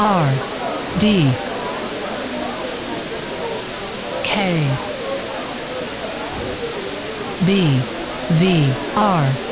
R D K B V R